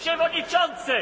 Przewodniczący!